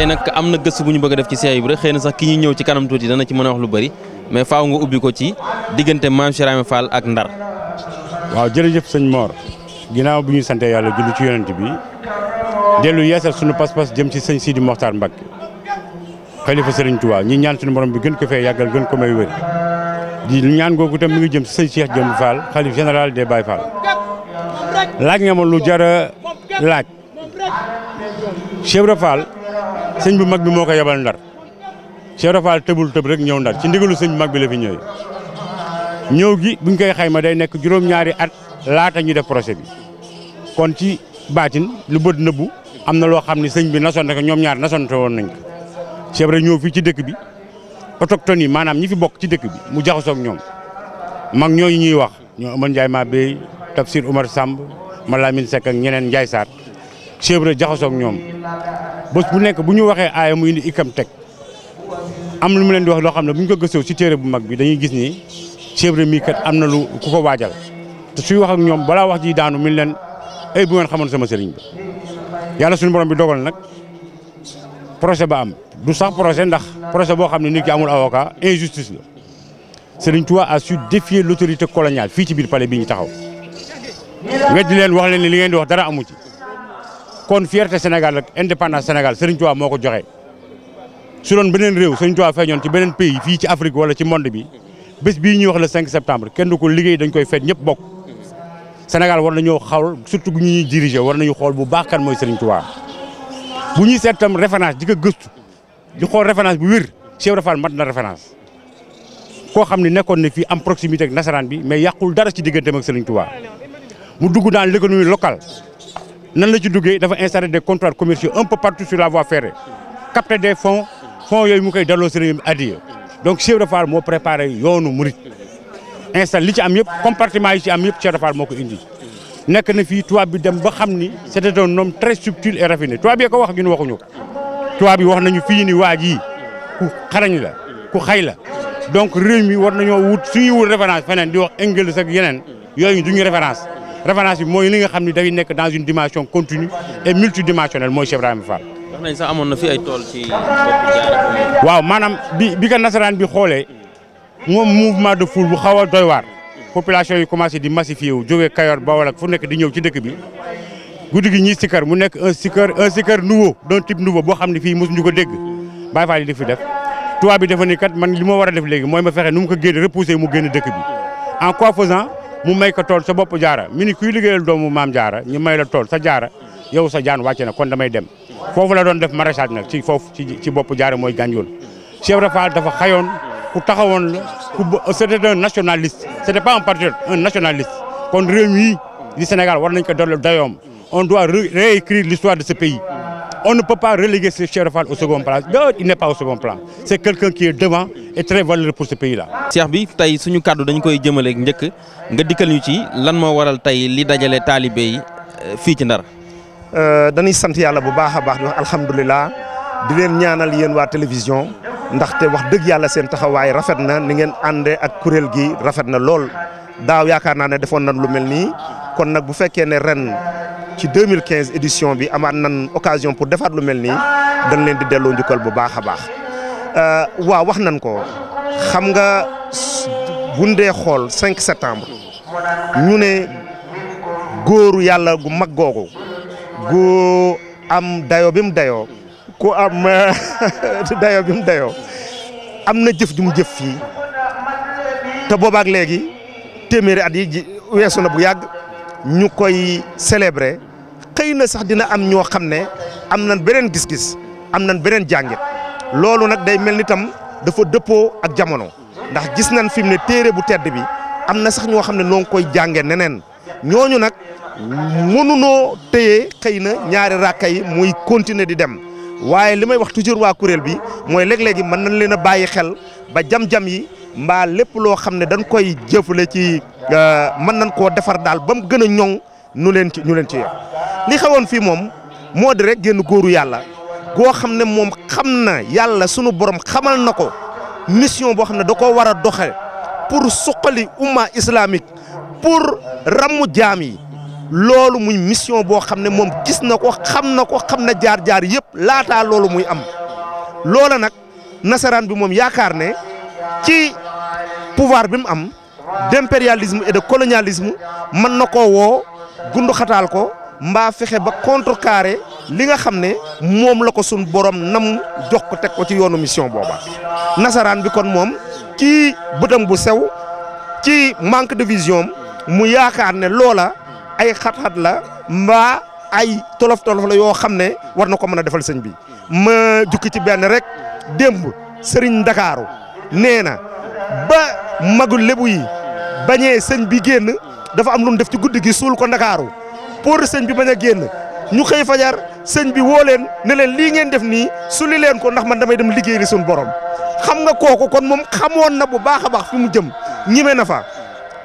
tey nag am na gëstu bu ñu bëgg a def ci Cheikh Ibra xëy na sax ki ñuy ñëw ci kanam dana ci mën a wax lu bari mais faaw nga ubbi ko ci diggante Maam Cheikh Ibra ak Ndar. waaw jërëjëf sëñ Mor ginnaaw bu ñu santee yàlla julli ci yonent bi dellu yeesal suñu pas-pas jëm ci sëñ Sidi Mokhtar Mbacke xalifa sëriñ Touba ñu ñaan suñu borom bi gën ko fee yàggal gën ko may wër di ñaan googu tam mi ngi jëm sëñ Cheikh Jëmb Fall xalif général des Baye Fall laaj nga a laaj Cheikh Ibra sëñ bu mag bi moo ko yebal ndar Cheikh Rafal tëbul tëb rek ñëw ndar ci ndigalu sëñ bu mag bi la fi ñëwee ñëw gi buñ koy xayma day nekk juróom-ñaari at laata ñu def projet bi kon ci baatin lu bët nëbbu am na loo xam ne sëñ bi nasoon na ko ñoom ñaari nasoon te woon nañ ko Cheikh ñëw fii ci dëkk bi autochtone yi maanaam ñi fi bokk ci dëkk bi mu jaxasoog ñoom mag ñooñu ñuy wax ñoo amoon Ndiaye maa béy Tafsir Umar Samb Malamine Seck ak ñeneen Ndiaye saat Cheikh Ibra jaxasoog ñoom bés bu nekk bu ñu waxee aaya mu indi ikam teg am lu mu leen di wax loo xam ne bu ñu ko gëstoo si téere bu mag bi dañuy gis ni Cheikh mii kat am na lu ku ko waajal te suy wax ak ñoom balaa wax ji daanu mi leen ay bu ngeen xamoon sama sëriñ bi yàlla suñu borom bi dogal nag projet ba am du sax projet ndax projet boo xam ne nit ki amul avocat injustice la Serigne Touba a su défier l' autorité coloniale fii ci biir palais bi ñu taxaw weddi leen wax leen ne li di wax dara amu ci kon fierté Sénégal ak indépendance Sénégal Serigne Touba moo ko joxe su loon beneen réew Serigne Touba feeñoon ci beneen pays fii ci Afrique wala ci monde bi bés bii ñuy wax le 5 septembre kenn du ko liggéey dañ koy feet ñëpp bokk Sénégal war na ñëw xawal surtout ñu ñuy diriger war nañu xool bu baax kan mooy Serigne Touba bu ñuy seetam tam référence di ko gëstu di xool référence bu wér Cheikh Rafal mat na référence koo xam ne nekkoon na fii am proximité ak nasaraan bi mais yàqul dara ci digganteem ak Serigne Touba mu dugg dans l'économie locale nan la ci duggee dafa installer des comptoirs commerciaux un peu partout sur la voie ferrée capter des fonds yooyu mu koy delloo sëriñ bi addiya donc Cheikh Ibra moo préparé yoonu murit installé li ci am yëpp compartiment yi ci am yëpp Cheikh Ibra Fall moo ko indi nekk na fii tubaab bi dem ba xam ni c'était un homme très subtil et raffiné tubaab bi ko wax ñun waxuñu ko tubaab bi wax nañu fii ni waa ji ku xarañ la ku xay la donc réew mi war nañoo wut suñuy wut référence feneen di wax Engels ak yeneen yooyu duñu référence référence bi mooy li nga xam ne day nekk dans une dimension continue et multidimensionnelle mooy Cheikh Ibrahima Fall. wax ay tool waaw maanaam bi bi ka nasaraan bi xoolee moom mouvement de foule bu xaw a doy waar. population yi commencé di massifier wu jógee Kayor Bawol ak fu nekk di ñëw ci dëkk bi guddi gi ñuy sikkar mu nekk un sikkar un sikkar nouveau d'un type nouveau boo xam ne fii mosuñu ko dégg baa Fall yi di fi def. tubaab bi dafa kat man li ma war a def léegi mooy ma fexe nu mu ko génn repousser mu génn dëkk bi mu may tool sa bopp jaara mi ni kuy liggéeyal doomu maam jaara ñu may la tool sa jaara yow sa jaan wàcce na kon damay dem foofu la doon def maraîchage nag ci foofu ci ci boppu jaara mooy gànjool Cheikh Ibra Fall dafa xayoon ku taxawoon la ku c'était un nationaliste c'était pas un patriote un nationaliste kon réew di Sénégal war nañ ko dool dayoom on doit réécrire l'histoire de ce pays On ne peut pas reléguer ce Fall au second plan. Non, il n'est pas au second plan. C'est quelqu'un qui est devant et très pour ce pays-là. Cheikh bi tey suñu kàddu dañu koy jëmale njëkk nga dikkal ñu ci lan moo waral tey li dajale taalibe yi euh, fii ci Ndar. Euh, danuy sant yàlla bu baax a baax di wax di leen ñaanal yéen waa télévision ndaxte wax dëgg yàlla seen taxawaay rafet na ni ngeen àndee ak kuréel gi rafet na lool. daaw yaakaar naa ne defoon nan lu mel nii kon nag bu fekkee ne ren ci quinze édition bi amaat nan occasion pour defaat lu mel nii dañ leen di delloo njukkal bu baax a baax euh, waaw wax nan ko xam nga bundee xool 5 septembre ñu ne góoru yàlla gu mag googu gu am dayo bi mu dayoo ku am dayo bi mu dayoo am na jëf ju mu jëf fii te boobaak léegi téeméeri at yi weesu na bu yàgg ñu koy selebre xëy na sax dina am ñoo xam ne am nañ beneen gis-gis am nañ beneen jàngit loolu nag day mel ni tam dafa dëppoo ak jamono ndax gis nañ fi mu ne téere bu tedd bi am na sax ñoo xam ne noo ngi koy jànge neneen ñooñu nag mënunoo téye xëy na ñaare ràkka yi muy continuer di dem waaye li may wax toujours waa kuréel bi mooy léeg-léegi mën nañ leen a bàyyi xel ba jam-jam yi mbaa lépp loo xam ne dañ koy jëfale ci euh, mën nañ koo defar daal ba mu gën a ñoŋ nu leen ci ñu leen ci yor li xewoon fii moom moo di rek génn góoru yàlla goo xam ne moom xam na yàlla sunu borom xamal na ko mission boo xam ne da koo war a doxe pour suqali umma islamique pour ràmmu jaam yi loolu muy mission boo xam ne moom gis na ko xam na ko xam na jaar-jaar yëpp laataa loolu muy am loola nag nasaraan bi moom yaakaar ne. ci pouvoir bi mu am d'impérialisme et de colonialisme mën na ko woo gundu ko mbaa fexe ba contrecarrer li nga xam ne moom la ko sun borom nam jox ko teg ko ci yoonu mission booba nasaraan bi kon moom ci bëtam bu sew ci manque de vision mu yaakaar ne loola ay xat-xat la mbaa ay tolof-tolof la yoo xam ne war na ko mën a defal seen bi ma jukki ci benn rek démb sëriñ Ndakaaru nee na ba magul lébu yi bañee sëñ bi génn dafa am lu def ci guddi gi suul ko ndakaaru pour sëñ bi bañ a génn ñu xëy fajar sëñ bi woo leen ne leen lii ngeen def nii suli leen ko ndax man damay dem liggéey li suñu borom xam nga kooku kon moom xamoon na bu baax a baax fi mu jëm ñime na fa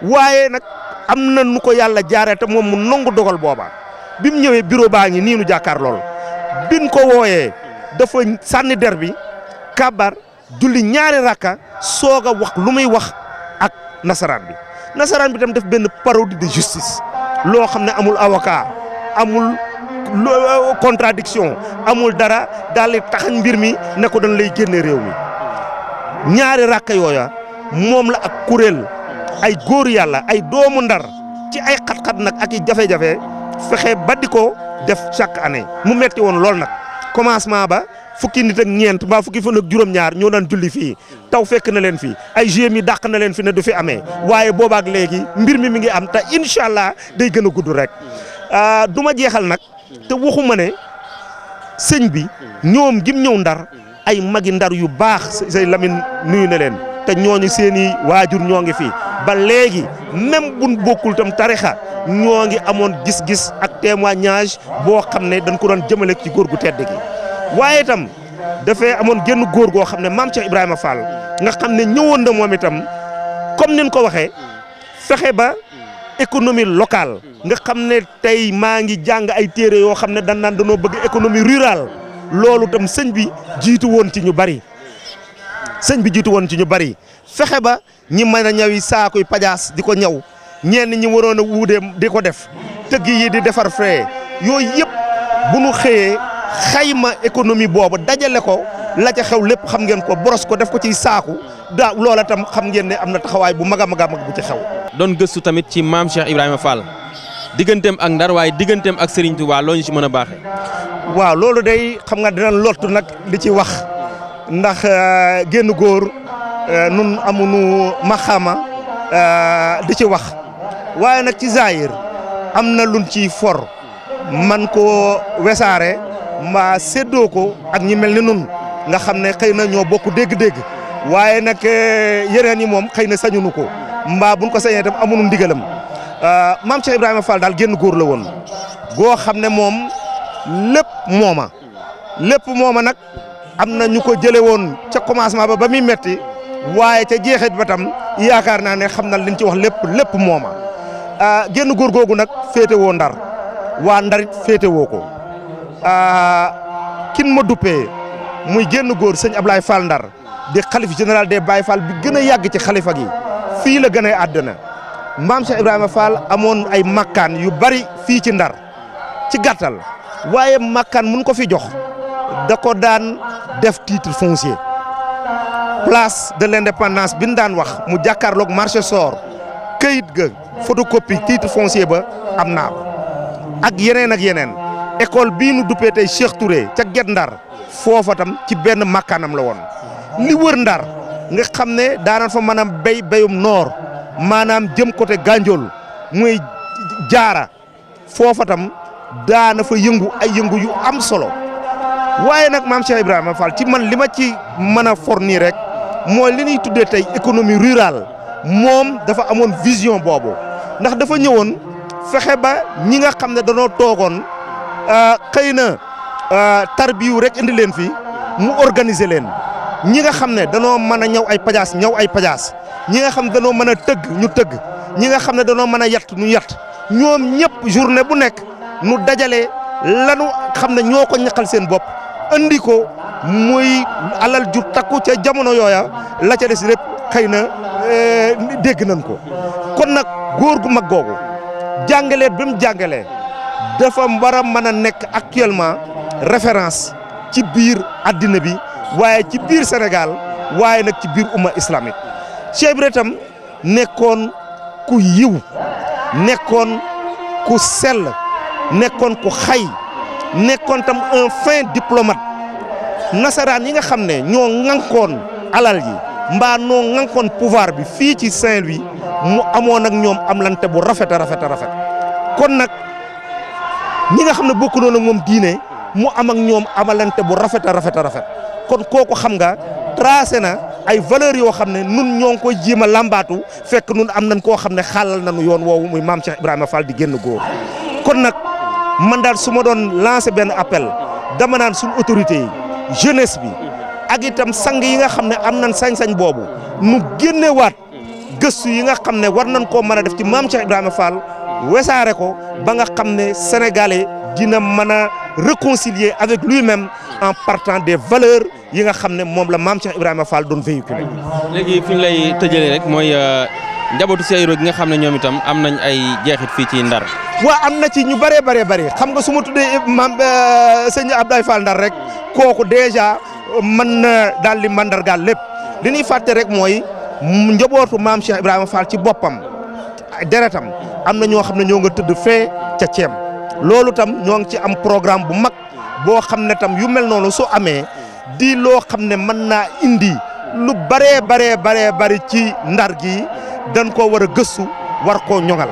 waaye nag am na nu ko yàlla jaaree te moom mu nangu dogal booba bi mu ñëwee biro baa ngi nii nu jàkkaar lool bin ko wooyee dafa sànni der bi kàbbar julli ñaari rakka soog a wax lu muy wax ak nasaraan bi nasaraan bi tam def benn parodie de justice loo xam ne amul avocat amul euh, contradiction amul dara daal di taxañ mbir mi ne ko dañ lay génne réew mi ñaari rakka yooya moom la ak kuréel ay góor yàlla ay doomu ndar ci ay xat-xat nag ak i jafe-jafe fexe ba di ko def chaque année mu metti woon lool nag commencement ba. fukki nit ak ñeent mbaa fukki fan ak juróom-ñaar ñoo daan julli fii taw fekk na leen fii ay GMI dàq na leen fi ne du fi amee waaye boobaak léegi mbir mi mi ngi am te incha allah day gën a gudd rek ah, du ma jeexal nag te waxuma ne sëñ bi ñoom gim ñëw ndar ay magi ndar yu baax say lamin nuyu na leen te ñooñu seen i waajur ñoo ngi fi ba léegi même buñ bokkul tam tarixa ñoo ngi amoon gis-gis ak témoignage boo xam ne dañ ko doon jëmale ci góor gu tedd waaye itam dafay amoon génn góor goo xam ne maam Cheikh Ibrahima Fall nga xam ne ñëwoon na moom itam comme nin ko waxee fexe ba économie locale nga xam ne tey maa ngi jàng ay téere yoo xam ne dan naan danoo bëgg économie rurale loolu itam sëñ bi jiitu woon ci ñu bari sëñ bi jiitu woon ci ñu bari fexe ba ñi mën a ñawi yi pajaas di ko ñaw ñenn ñi waroon a wuude di ko def tëgg yi di defar fee yooyu yëpp bu nu xëyee xayma économie boobu dajale ko la ca xew lépp xam ngeen ko boros ko def ko ci saaku daa loola tam xam ngeen ne am na taxawaay bu mag a mag bu ci xew. doon gëstu tamit ci maam Cheikh Ibrahima Fall digganteem ak Ndar waaye digganteem ak Serigne Touba loo ñu ci mën a baaxee. waaw loolu day xam nga dinañ lot nag li ci wax ndax euh, génn góor euh, nun amuñu maxama euh, di ci wax waaye nag ci zaayir am na luñ ciy for man koo wesaare. mbaa séddoo ko ak ñi mel ni nun nga xam ne xëy na ñoo bokk dégg-dégg waaye nag eh, yeneen yi moom xëy na sañunu ko mbaa buñ ko sañee itam amuñu ndigalam ah, maam Cheikh Ibrahima Fall daal génn góor la woon goo xam ne moom lépp mooma lépp mooma nag am na ñu ko jële woon ca commencement ba ba muy metti waaye ca jeexit ba tam yaakaar naa ne xam na liñ ci wax lépp lépp mooma ah, génn góor googu nag féete woo ndar waa ndarit féete woo ko Euh, kin ma duppee muy génn góor sëñ ablaay Fall Ndar di xalif général des Baye Fall bi gën a yàgg ci xalifa gi fii la gën a àdduna maam Cheikh Ibrahima Fall amoon ay makkaan yu bari fii ci Ndar ci gàttal waaye makkaan mun ko fi jox da ko daan def titre foncier place de l'indépendance bi ñu daan wax mu jàkkaarloog marché sor këyit ga photocopie titre foncier ba am naa ak yeneen ak yeneen. école bii nu duppee tey Cheikh Touré ca Guet Ndar foofa tam ci benn makkaanam la woon li wër Ndar nga xam ne daana fa maanaam béy béyum noor maanaam jëm côté Gandiol muy jaara foofa tam daana fa yëngu ay yëngu yu am solo waaye nag maam Cheikh Ibrahima Fall ci man li ma ci mën a fornir rek mooy li ñuy tuddee tey économie rurale moom dafa amoon vision boobu ndax dafa ñëwoon fexe ba ñi nga xam ne danoo toogoon. Euh, xëy na euh, tarbiyu rek indi leen fii mu organiser leen ñi nga xam ne danoo mën a ñëw ay pajaas ñëw ay pajaas ñi nga xam ne danoo mën a tëgg ñu tëgg ñi nga xam ne danoo mën a yatt ñu yatt ñoom ñëpp journée bu nekk nu dajale lanu xam ne ñoo ko ñaqal seen bopp andi ko muy alal ju takku ca jamono yooya la ca des lépp xëy na euh, dégg nañ ko kon nag góor gu mag googu jàngaleet bi mu jàngalee dafa war a mën a nekk actuellement référence ci biir addina bi waaye ci biir Sénégal waaye nag ci biir umma islamique Cheikh nekkoon ku yiw nekkoon ku sell nekkoon ku xay nekkoon tam un fin diplomate nasaraan yi nga xam ne ñoo ŋànkoon alal yi mbaa noo ŋànkoon pouvoir bi fii ci Saint-Louis mu amoon ak ñoom am lante bu rafet a rafet rafet kon nag ñi nga xam ne bokkuloon ak moom diine mu am ak ñoom amalante bu rafet a rafet a rafet kon kooku xam nga tracé na ay valeurs yoo xam ne nun ñoo ngi koy jéem a làmbaatu fekk nun am nañ koo xam ne xaalal nañu yoon woowu muy maam Cheikh Ibrahima Fall di génn góor kon nag man daal su ma doon lancé benn appel dama naan suñu autorité yi jeunesse bi ak itam sang yi nga xam ne am nañ sañ-sañ boobu nu génnewaat gëstu yi nga xam ne war nañ koo mën a def ci maam Cheikh Ibrahima wesaare ko ba nga xam ne sénégalais dina mën a réconcilier avec lui-même en partant des valeurs yi nga xam ne moom la maam Cheikh Ibrahima Fall doon véhiculer. léegi fi ñu lay tëjalee mooy euh, njabootu Cheikh Ibra gi nga xam ne ñoom itam am nañ ay jeexit fii ci Ndar. waa am na ci ñu bëree bëree bëri xam nga su ma tuddee maam euh, sëñ Abdoulaye Ndar rek kooku déjà man na daal di mandargaal lépp li ñuy fàtte rek mooy njabootu maam Cheikh Ibrahima Fall ci boppam deretam am na ñoo xam ne ñoo nga tëdd fee ca ceem loolu tam ñoo ngi ci am programme bu mag boo xam ne tam yu mel noonu su amee di loo xam ne mën naa indi lu baree baree baree bari ci ndar gi dan ko war a gëstu war koo ñoŋal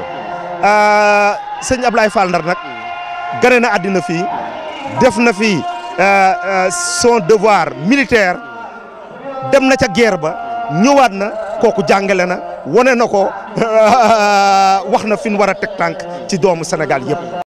euh, sëñ Ablaye Fall Ndar nag gane na àddina fii def na fi euh, euh, son devoir militaire dem na ca guerre ba ñëwaat na kooku jàngale na. wane na ko wax na fi ñu war a teg tànk ci doomu Sénégal yëpp.